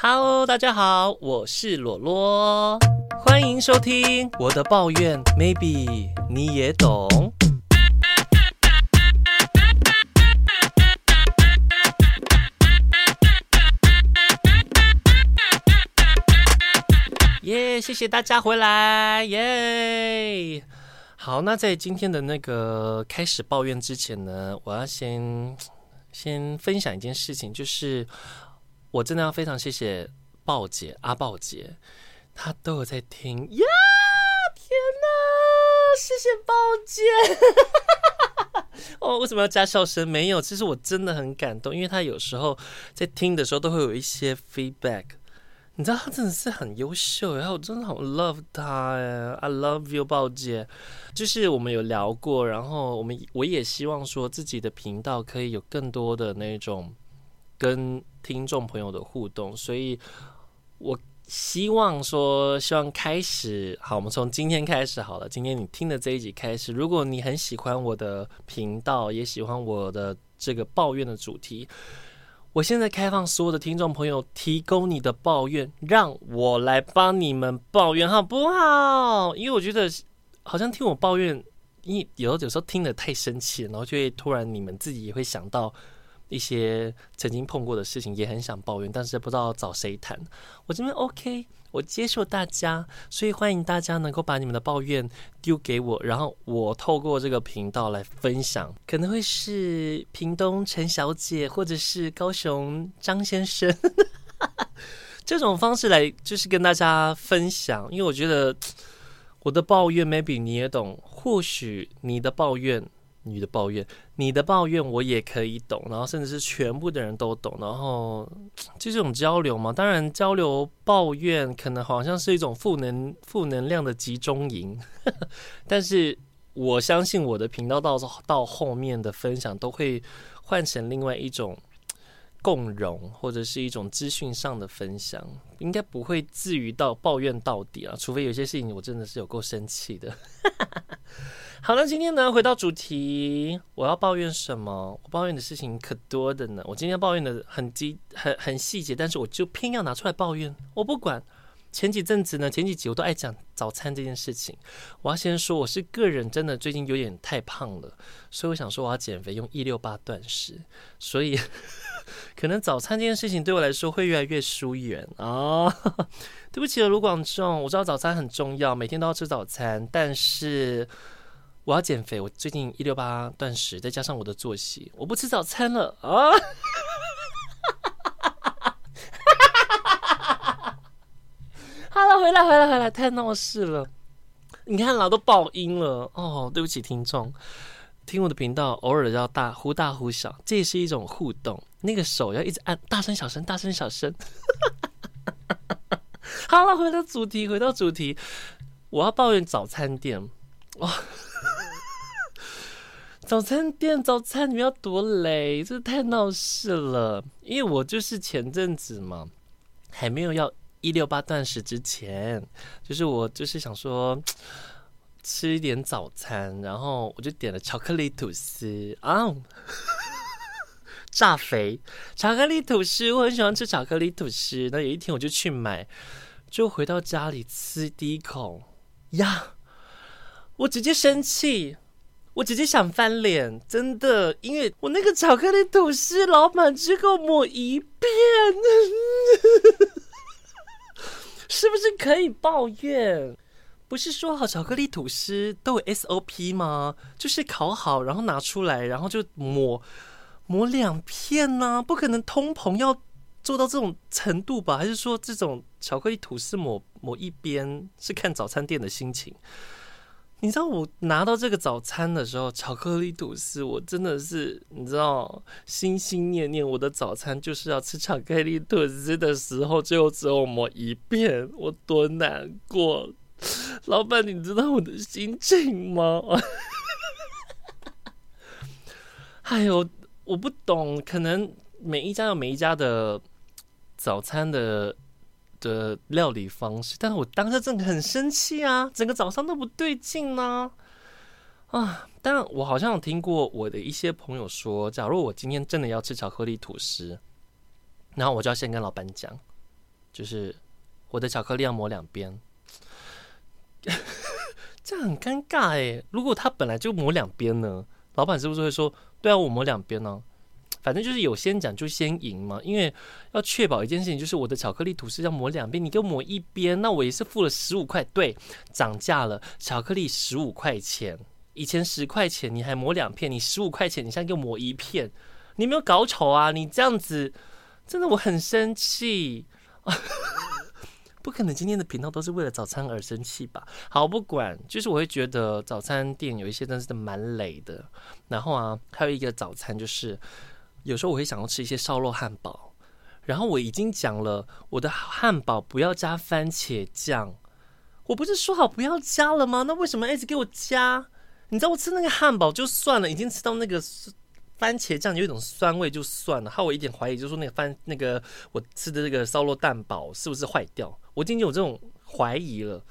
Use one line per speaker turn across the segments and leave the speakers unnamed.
Hello，大家好，我是羅羅，歡迎收聽我的抱怨，Maybe 你也懂。耶，謝謝大家回來，耶。好，那在今天的那個開始抱怨之前呢，我要先先分享一件事情，就是。我真的要非常謝謝鮑姐阿鮑姐，她都有在聽呀！天哪、啊，謝謝鮑姐！ 哦，為什麼要加笑聲？沒有，其實我真的很感動，因為她有時候在聽的時候都會有一些 feedback。你知道她真的是很優秀，然後我真的好 love 她呀！I love you，鮑姐。就是我們有聊過，然後我們我也希望說自己的頻道可以有更多的那種。跟聽眾朋友的互動，所以我希望說，希望開始好，我們從今天開始好了。今天你聽的這一集開始，如果你很喜歡我的頻道，也喜歡我的這個抱怨的主題，我現在開放所有的聽眾朋友提供你的抱怨，讓我來幫你們抱怨好不好？因為我覺得好像聽我抱怨，因為有時候有時候聽得太生氣了，然後就會突然你們自己也會想到。一些曾經碰過的事情，也很想抱怨，但是不知道找誰談。我這邊 OK，我接受大家，所以歡迎大家能夠把你們的抱怨丟給我，然後我透過這個頻道來分享，可能會是屏東陳小姐，或者是高雄張先生， 這種方式來就是跟大家分享，因為我覺得我的抱怨 maybe 你也懂，或許你的抱怨。你的抱怨，你的抱怨我也可以懂，然後甚至是全部的人都懂，然後就這種交流嘛。當然，交流抱怨可能好像是一種負能、負能量的集中營，呵呵，但是我相信我的頻道到到後面的分享都會換成另外一種共融，或者是一種資訊上的分享，應該不會至於到抱怨到底啊。除非有些事情我真的是有夠生氣的。 好了，今天呢，回到主題，我要抱怨什麼？我抱怨的事情可多的呢。我今天抱怨的很細，很很細節，但是我就偏要拿出來抱怨。我不管。前幾陣子呢，前幾集我都愛講早餐這件事情。我要先說，我是個人，真的最近有點太胖了，所以我想說我要減肥，用168斷食。所以可能早餐這件事情對我來說會越來越疏遠啊、哦。對不起了，盧廣仲，我知道早餐很重要，每天都要吃早餐，但是。我要減肥，我最近一六八斷食，再加上我的作息，我不吃早餐了啊！好了，回來，回來，回來，太鬧事了！你看老都爆音了哦，對不起，聽眾，聽我的頻道偶爾要大忽大忽小，這也是一種互動。那個手要一直按，大聲小聲，大聲小聲。好 了，回到主題，回到主題，我要抱怨早餐店哇！哦早餐店早餐，你們要多累？這太鬧事了！因為我就是前陣子嘛，還沒有要一六八斷食之前，就是我就是想說吃一點早餐，然後我就點了巧克力吐司啊， 炸肥巧克力吐司，我很喜歡吃巧克力吐司。那有一天我就去買，就回到家裡吃第一口呀，我直接生氣。我直接想翻臉，真的，因為我那個巧克力吐司老板只給我抹一片，呵呵呵，是不是可以抱怨？不是說好巧克力吐司都有 SOP 嗎？就是烤好，然後拿出來，然後就抹抹兩片吶？啊？不可能通膨要做到這種程度吧？還是說，這種巧克力吐司抹抹一邊是看早餐店的心情？你知道我拿到這個早餐的時候，巧克力吐司，我真的是你知道，心心念念我的早餐就是要吃巧克力吐司的時候，最後只有抹一邊，我多難過！老闆，你知道我的心情嗎？哎 呦，我不懂，可能每一家有每一家的早餐的。的料理方式，但是我當時真的很生氣啊！整個早上都不對勁呢，啊，啊！但我好像有聽過我的一些朋友說，假如我今天真的要吃巧克力吐司，然後我就要先跟老闆講，就是我的巧克力要抹兩邊， 這樣很尷尬哎。如果他本來就抹兩邊呢，老闆是不是會說，對啊，我抹兩邊呢？反正就是有先講就先贏嘛，因為要確保一件事情，就是我的巧克力吐司要抹兩遍，你給我抹一邊，那我也是付了十五塊，對，漲價了，巧克力十五塊錢，以前十塊錢你還抹兩片，你十五塊錢你現在給我抹一片，你沒有搞醜啊？你這樣子，真的我很生氣， 不可能今天的頻道都是為了早餐而生氣吧？好，不管，就是我會覺得早餐店有一些真的是蠻雷的，然後啊，還有一個早餐就是。有時候我會想要吃一些燒肉漢堡，然後我已經講了我的漢堡不要加番茄醬，我不是說好不要加了嗎？那為什麼、A、一直給我加？你知道我吃那個漢堡就算了，已經吃到那個番茄醬有一種酸味就算了，害我一點懷疑，就說那個番那個我吃的那個燒肉蛋堡是不是壞掉？我已經有這種懷疑了，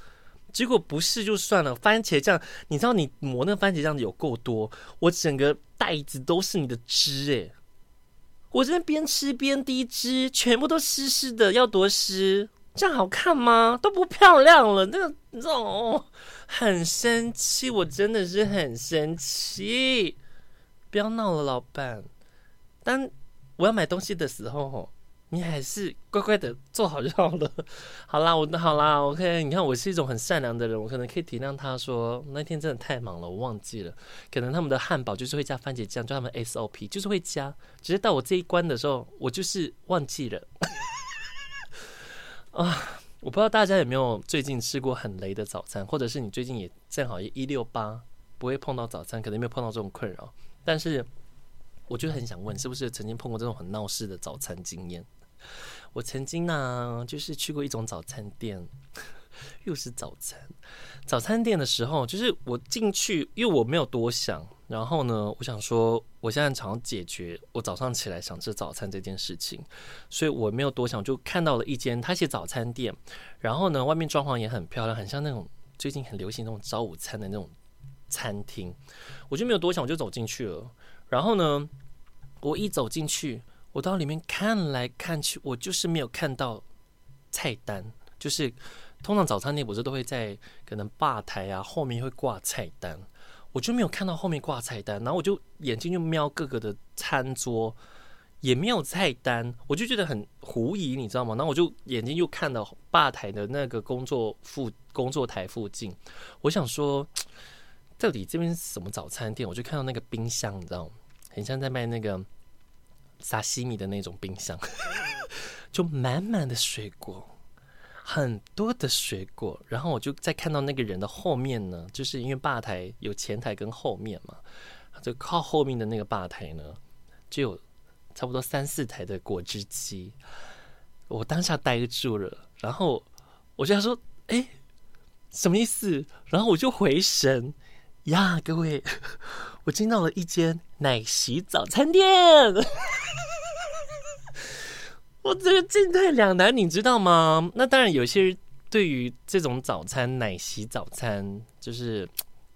結果不是就算了，番茄醬你知道你抹那個番茄醬有夠多，我整個袋子都是你的汁誒、欸。我今天邊吃邊滴汁，全部都濕濕的，要多濕？這樣好看嗎？都不漂亮了，那那種，很生氣，我真的是很生氣，不要鬧了，老闆。當我要買東西的時候。你還是乖乖的做好就好了。好啦，我好啦，OK。你看，我是一種很善良的人，我可能可以體諒他說，那天真的太忙了，我忘記了。可能他們的漢堡就是會加番茄醬，就他們 SOP 就是會加。只是到我這一關的時候，我就是忘記了。啊、 uh，我不知道大家有沒有最近吃過很雷的早餐，或者是你最近也正好也一六八不會碰到早餐，可能沒有碰到這種困擾。但是，我就很想問，是不是曾經碰過這種很鬧事的早餐經驗？我曾經呢、啊，就是去過一種早餐店，又是早餐早餐店的時候，就是我進去，因為我沒有多想，然後呢，我想說，我現在想要解決我早上起來想吃早餐這件事情，所以我沒有多想，就看到了一間他寫早餐店，然後呢，外面裝潢也很漂亮，很像那種最近很流行那種早午餐的那種餐廳，我就沒有多想，我就走進去了，然後呢，我一走進去。我到裡面看來看去，我就是沒有看到菜單。就是通常早餐店不是都會在可能吧台啊後面會掛菜單，我就沒有看到後面掛菜單。然後我就眼睛就瞄各個的餐桌，也沒有菜單，我就覺得很狐疑，你知道嗎？然後我就眼睛又看到吧台的那個工作附工作台附近，我想說到底這邊什麼早餐店？我就看到那個冰箱，你知道嗎？很像在賣那個。沙西米的那種冰箱， 就滿滿的水果，很多的水果。然後我就在看到那個人的後面呢，就是因為吧台有前台跟後面嘛，就靠後面的那個吧台呢，就有差不多三四台的果汁機。我當下呆住了，然後我就想說：“哎，什麼意思？”然後我就回神呀，各位，我進到了一間奶昔早餐店。我這個進退兩難，你知道嗎？那當然，有些人對於這種早餐奶昔早餐，就是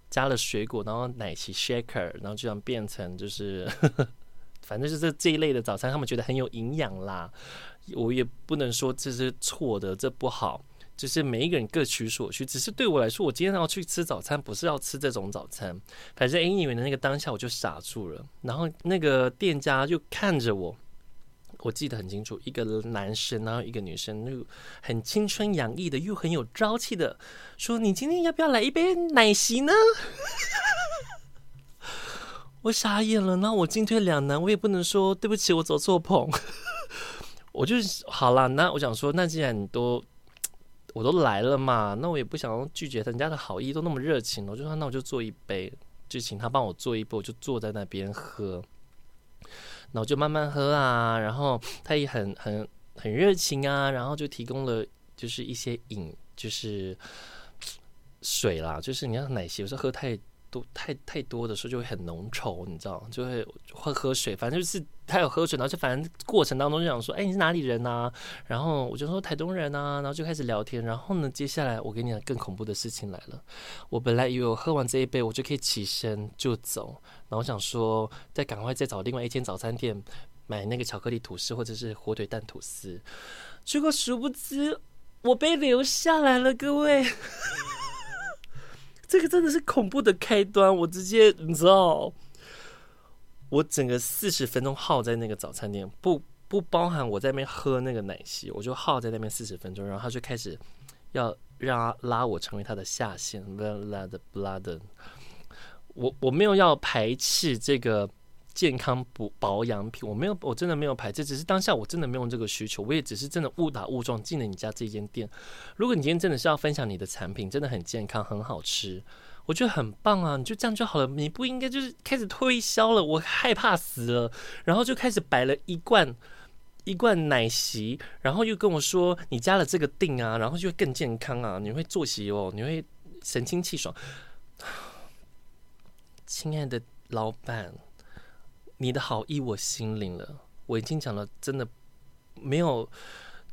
加了水果，然後奶昔 shaker，然後就想變成就是呵呵，反正就是這一類的早餐，他們覺得很有營養啦。我也不能說這是錯的，這不好，就是每一個人各取所需。只是對我來說，我今天要去吃早餐，不是要吃這種早餐。反正英語的那個當下，我就傻住了，然後那個店家就看着我。我記得很清楚，一個男生，然後一個女生，又很青春洋溢的，又很有朝氣的，說：“你今天要不要來一杯奶昔呢？” 我傻眼了，那我進退兩難，我也不能說對不起，我走錯棚。 我就好啦，那我想說，那既然你都，我都來了嘛，那我也不想拒絕人家的好意，都那麼熱情了，我就說那我就做一杯，就請他幫我做一杯，我就坐在那邊喝。然後就慢慢喝啊，然後他也很很很熱情啊，然後就提供了就是一些飲就是水啦，就是你要奶昔，有時候喝太都太太多的時候就會很濃稠，你知道，就會會喝水，反正就是他有喝水，然後就反正過程當中就想說，哎、欸，你是哪裡人啊？然後我就說台東人啊，然後就開始聊天。然後呢，接下來我給你講更恐怖的事情來了。我本來以為我喝完這一杯我就可以起身就走，然後我想說再趕快再找另外一間早餐店買那個巧克力吐司或者是火腿蛋吐司。結果殊不知我被留下來了，各位。這個真的是恐怖的開端，我直接你知道，我整個四十分鐘耗在那個早餐店，不不包含我在那邊喝那個奶昔，我就耗在那邊四十分鐘，然後他就開始要讓他拉我成為他的下線，不 blood。我我沒有要排斥這個。健康補保養品，我沒有，我真的沒有排斥，只是當下我真的沒有這個需求，我也只是真的誤打誤撞進了你家這間店。如果你今天真的是要分享你的產品，真的很健康，很好吃，我覺得很棒啊，你就這樣就好了，你不應該就是開始推銷了，我害怕死了。然後就開始擺了一罐一罐奶昔，然後又跟我說你加了這個定啊，然後就會更健康啊，你會坐席哦，你會神清氣爽。親愛的老闆。你的好意我心領了，我已經講了，真的沒有，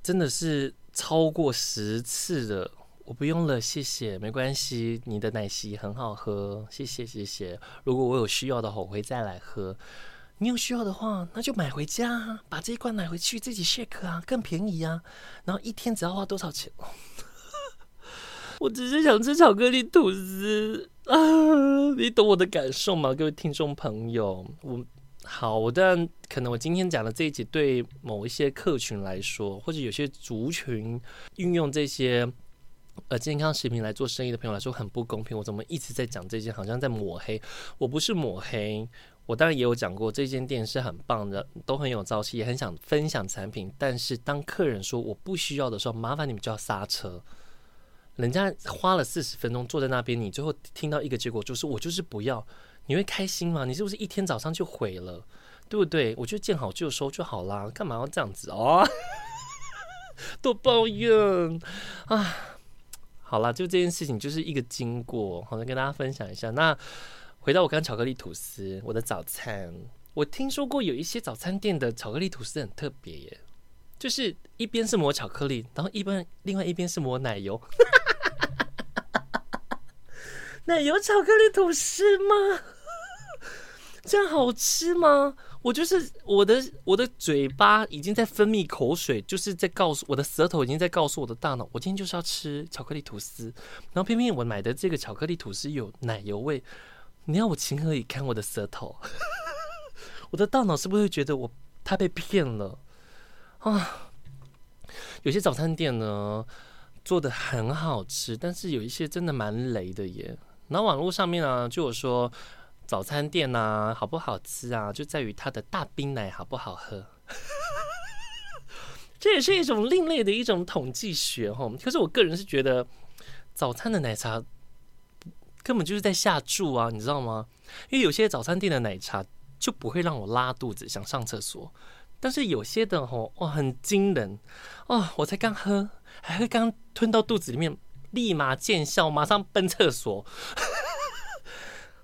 真的是超過十次了，我不用了，謝謝，沒關係。你的奶昔很好喝，謝謝謝謝。如果我有需要的話，我會再來喝。你有需要的話，那就買回家，把這一罐買回去自己 shake 啊，更便宜啊。然後一天只要花多少錢？ 我只是想吃巧克力吐司啊，你懂我的感受嗎，各位聽眾朋友？我。好，我當然可能我今天講的這一集對某一些客群來說，或者有些族群運用這些呃健康食品來做生意的朋友來說很不公平。我怎麼一直在講這件，好像在抹黑？我不是抹黑，我當然也有講過，這間店是很棒的，都很有朝氣，也很想分享產品。但是當客人說我不需要的時候，麻煩你們就要剎車。人家花了四十分鐘坐在那邊，你最後聽到一個結果就是我就是不要。你會開心嗎？你是不是一天早上就毀了，對不對？我就見好就收就好啦，幹嘛要這樣子哦？ 多抱怨啊！好啦，就這件事情就是一個經過，好，跟大家分享一下。那回到我剛剛巧克力吐司，我的早餐，我聽說過有一些早餐店的巧克力吐司很特別耶，就是一邊是抹巧克力，然後一邊，另外一邊是抹奶油， 奶油巧克力吐司嗎？這樣好吃嗎？我就是我的我的嘴巴已經在分泌口水，就是在告訴我的舌頭已經在告訴我的大腦，我今天就是要吃巧克力吐司。然後偏偏我買的這個巧克力吐司有奶油味，你要我情何以堪？我的舌頭， 我的大腦是不是覺得我他被騙了啊？有些早餐店呢做得很好吃，但是有一些真的蠻雷的耶。然後網絡上面呢就有說。早餐店吶、啊，好不好吃啊？就在於它的大冰奶好不好喝。 這也是一種另類的一種統計學哈。可是我個人是覺得，早餐的奶茶根本就是在下注啊，你知道嗎？因為有些早餐店的奶茶就不會讓我拉肚子想上廁所，但是有些的哈哇、哦、很驚人哦，我才剛喝，還會剛吞到肚子裡面，立馬見效，馬上奔廁所。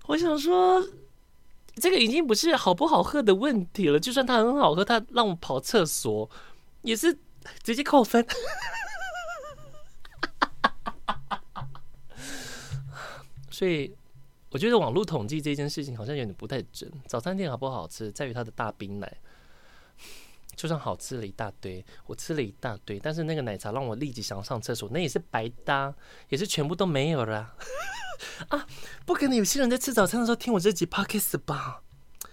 我想說，這個已經不是好不好喝的問題了。就算它很好喝，它讓我跑廁所也是直接扣分。 所以我覺得網絡統計這件事情好像有點不太準。早餐店好不好吃，在於它的大冰奶。就算好吃了一大堆，我吃了一大堆，但是那個奶茶讓我立即想要上廁所，那也是白搭，也是全部都沒有啦。 啊，不可能，有些人在吃早餐的時候聽我這集 podcast 吧，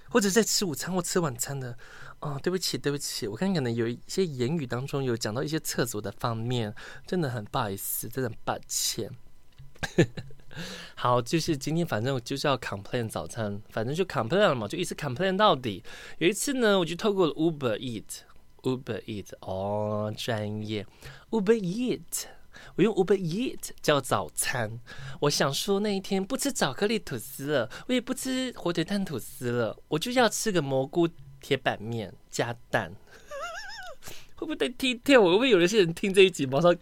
或者在吃午餐或吃晚餐的。哦，對不起，對不起，我剛剛可能有一些言語當中有講到一些廁所的方面，真的很不好意思，真的很抱歉。 好，就是今天，反正我就是要 complain 早餐，反正就 complain 了嘛，就一直 complain 到底。有一次呢，我就透過了 Uber Eat，Uber Eat，哦，專業，Uber Eat，我用 Uber Eat 叫早餐。我想說那一天不吃巧克力吐司了，我也不吃火腿蛋吐司了，我就要吃個蘑菇鐵板麵加蛋。會不會被踢掉？我會不會有一些人聽這一集馬上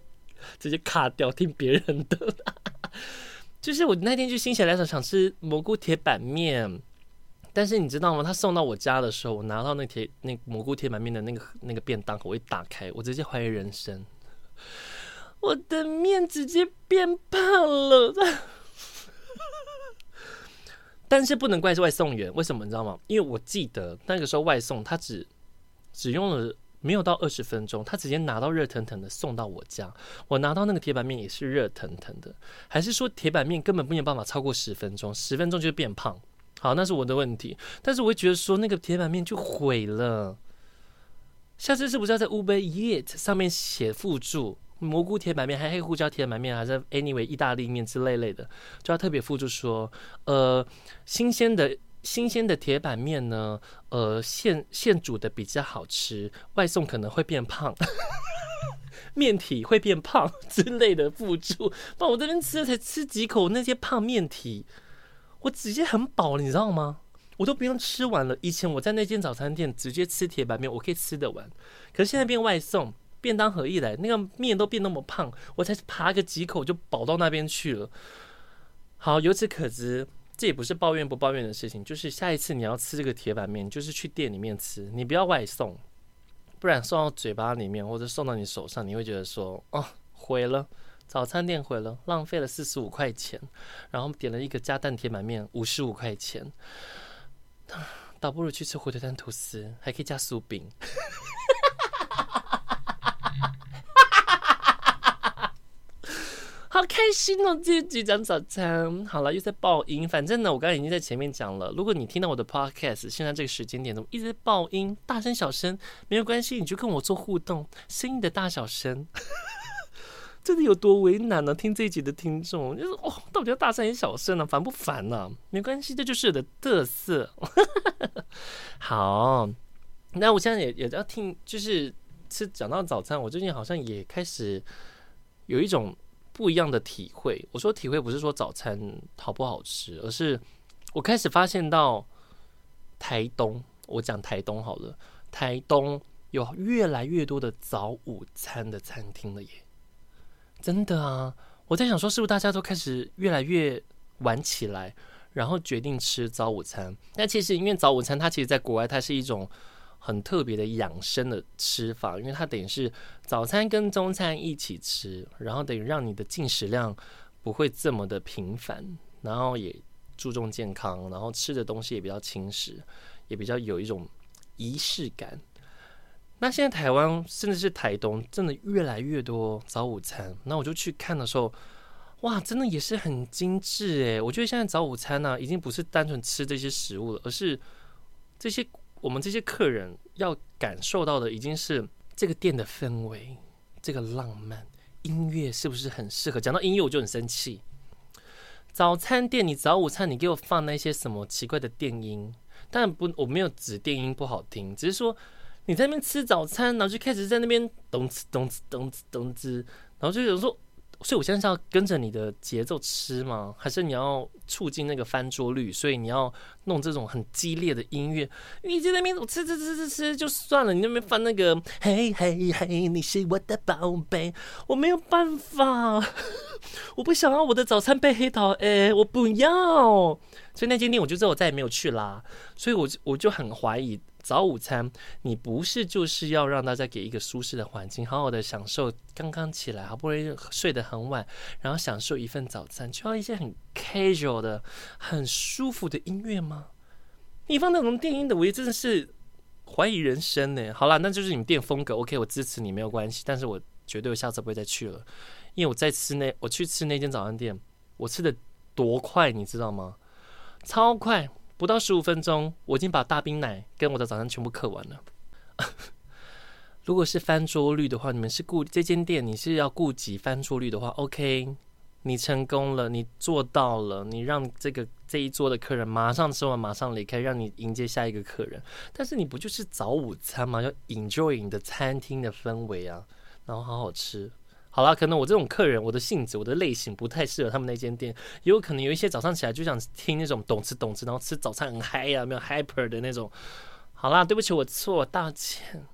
直接卡掉聽別人的？就是我那天就心血來潮想，想吃蘑菇鐵板麵，但是你知道嗎？他送到我家的時候，我拿到那鐵那蘑菇鐵板麵的那個那個便當口，我一打開，我直接懷疑人生，我的麵直接變胖了。 但是不能怪是外送員，為什麼你知道嗎？因為我記得那個時候外送他只只用了。沒有到二十分鐘，他直接拿到熱騰騰的送到我家。我拿到那個鐵板麵也是熱騰騰的，還是說鐵板麵根本沒有辦法超過十分鐘？十分鐘就變胖？好，那是我的問題。但是我會覺得說那個鐵板麵就毀了。下次是不是要在 Uber Eats 上面寫附註？蘑菇鐵板麵，還有黑胡椒鐵板麵，還是 anyway 意大利麵之類類的，就要特別附註說，呃，新鮮的。新鮮的鐵板麵呢？呃，現現煮的比較好吃，外送可能會變胖，麵 體會變胖之類的付出。那我在這邊吃了才吃幾口，那些胖麵體，我直接很飽了，你知道嗎？我都不用吃完了。以前我在那間早餐店直接吃鐵板麵，我可以吃得完。可是現在變外送，便當盒一來，那個麵都變那麼胖，我才爬個幾口就飽到那邊去了。好，由此可知。這也不是抱怨不抱怨的事情，就是下一次你要吃這個鐵板麵，就是去店裡面吃，你不要外送，不然送到嘴巴裡面或者送到你手上，你會覺得說，哦，毀了，早餐店毀了，浪費了四十五塊錢，然後點了一個加蛋鐵板麵五十五塊錢，倒不如去吃火腿蛋吐司，還可以加酥餅。好開心哦！這一集講早餐。好了，又在爆音。反正呢，我剛才已經在前面講了。如果你聽到我的 podcast，現在這個時間點怎麼一直在爆音，大聲小聲沒有關係，你就跟我做互動，聲音的大小聲。 真的有多為難呢、啊？聽這一集的聽眾，就是哦，到底要大聲還是小聲呢、啊？煩不煩呢、啊？沒關係，這就是我的特色。 好，那我現在也也要聽，就是是講到早餐，我最近好像也開始有一種。不一樣的體會。我說體會不是說早餐好不好吃，而是我開始發現到台東，我講台東好了，台東有越來越多的早午餐的餐廳了耶，真的啊！我在想說，是不是大家都開始越來越晚起來，然後決定吃早午餐？但其實因為早午餐，它其實在國外，它是一種。很特別的養生的吃法，因為它等於是早餐跟中餐一起吃，然後等於讓你的進食量不會這麼的頻繁，然後也注重健康，然後吃的東西也比較輕食，也比較有一種儀式感。那現在台灣甚至是台東，真的越來越多早午餐。那我就去看的時候，哇，真的也是很精致誒。我覺得現在早午餐呢、啊，已經不是單純吃這些食物了，而是這些。我們這些客人要感受到的，已經是這個店的氛圍，這個浪漫音樂是不是很適合？講到音樂我就很生氣。早餐店你早午餐你給我放那些什麼奇怪的電音？但不，我沒有指電音不好聽，只是說你在那邊吃早餐，然後就開始在那邊咚呲咚呲咚呲咚呲，然後就想說。所以我現在是要跟着你的節奏吃嗎？還是你要促進那個翻桌率？所以你要弄這種很激烈的音樂？你在那邊我吃吃吃吃吃就算了，你那邊翻那個嘿嘿嘿，你是我的寶貝，我沒有辦法，我不想要我的早餐被黑桃 A、欸，我不要。所以那間店我就知道我再也沒有去啦。所以我我就很懷疑。早午餐，你不是就是要讓大家給一個舒適的環境，好好的享受剛剛起來，好不容易睡得很晚，然後享受一份早餐，就要一些很 casual 的，很舒服的音樂嗎？你放那種電音的，我也真的是懷疑人生呢。好啦，那就是你們店風格，OK，我支持你沒有關係，但是我絕對我下次不會再去了，因為我在吃那我去吃那間早餐店，我吃得多快你知道嗎？超快。不到十五分鐘，我已經把大冰奶跟我的早餐全部嗑完了。 如果是翻桌率的話，你們是顧這間店，你是要顧及翻桌率的話，OK，你成功了，你做到了，你讓這個這一桌的客人馬上吃完，馬上離開，讓你迎接下一個客人。但是你不就是早午餐嗎？要 enjoy 你的餐廳的氛圍啊，然後好好吃。好了，可能我這種客人，我的性子，我的類型不太適合他們那間店，也有可能有一些早上起來就想聽那種動次動次，然後吃早餐很嗨呀、啊，沒有 hyper 的那種。好啦，對不起，我錯，我道歉，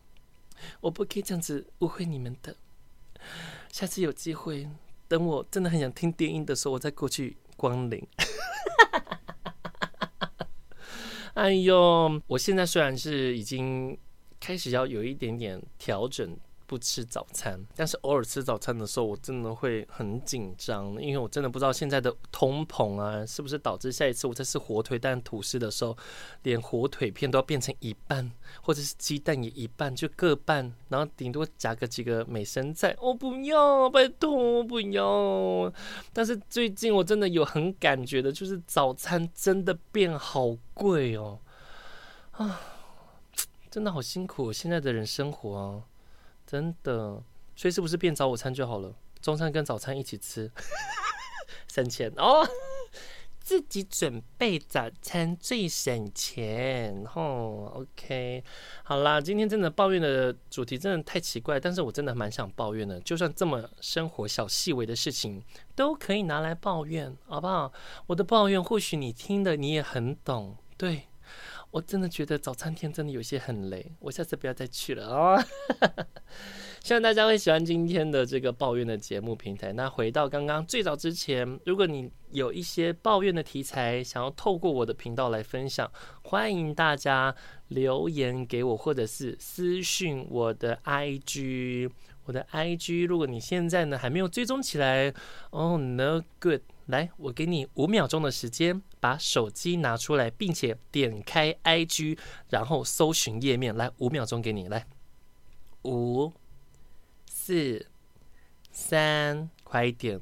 我不可以這樣子誤會你們的。下次有機會，等我真的很想聽電音的時候，我再過去光臨。 哎喲我現在雖然是已經開始要有一點點調整不吃早餐，但是偶爾吃早餐的時候，我真的會很緊張，因為我真的不知道現在的通膨啊，是不是導致下一次我在吃火腿蛋吐司的時候，連火腿片都要變成一半，或者是雞蛋也一半，就各半，然後頂多夾個幾個美生菜。我不要，拜托，我不要。但是最近我真的有很感覺的，就是早餐真的變好貴哦，啊，真的好辛苦，現在的人生活哦、啊。真的，所以是不是變早午餐就好了？中餐跟早餐一起吃，呵呵省錢哦。自己準備早餐最省錢。吼、哦，OK，好啦，今天真的抱怨的主題真的太奇怪，但是我真的蠻想抱怨的。就算這麼生活小細微的事情，都可以拿來抱怨，好不好？我的抱怨，或許你聽的你也很懂，對。我真的覺得早餐店真的有些很雷，我下次不要再去了啊、哦！ 希望大家會喜歡今天的這個抱怨的節目平台。那回到剛剛最早之前，如果你有一些抱怨的題材想要透過我的頻道來分享，歡迎大家留言給我，或者是私訊我的 IG，我的 IG。的 IG 如果你現在呢還沒有追蹤起來，哦、oh，no good。來，我給你五秒鐘的時間，把手機拿出來，並且點開 IG，然後搜尋頁面。來，五秒鐘給你，來，五、四、三，快一點！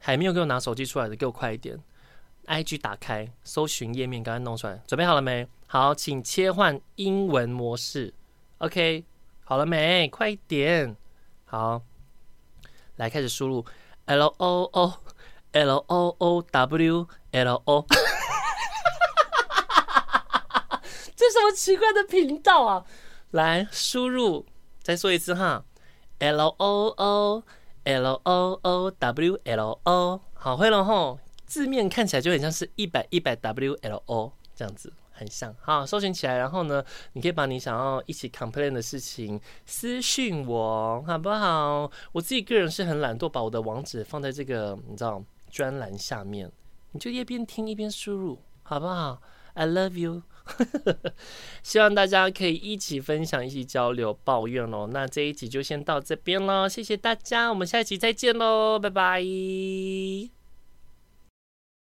還沒有給我拿手機出來的，給我快一點！IG 打開，搜尋頁面，剛剛弄出來。準備好了沒？好，請切換英文模式。OK，好了沒？快一點！好，來開始輸入 LOO。L O O W L O，哈哈哈哈哈哈哈哈哈哈！這什麼奇怪的頻道啊？來，輸入，再說一次哈，L O O L O O W L O，好會了吼。字面看起來就很像是一百一百 W L O 這樣子，很像。好，搜尋起來，然後呢，你可以把你想要一起 complain 的事情私訊我，好不好？我自己個人是很懶惰，把我的網址放在這個，你知道。專欄下面，你就一邊聽一邊輸入，好不好？I love you。 希望大家可以一起分享、一起交流、抱怨嘍。那這一集就先到這邊嘍，謝謝大家，我們下一期再見嘍，拜拜。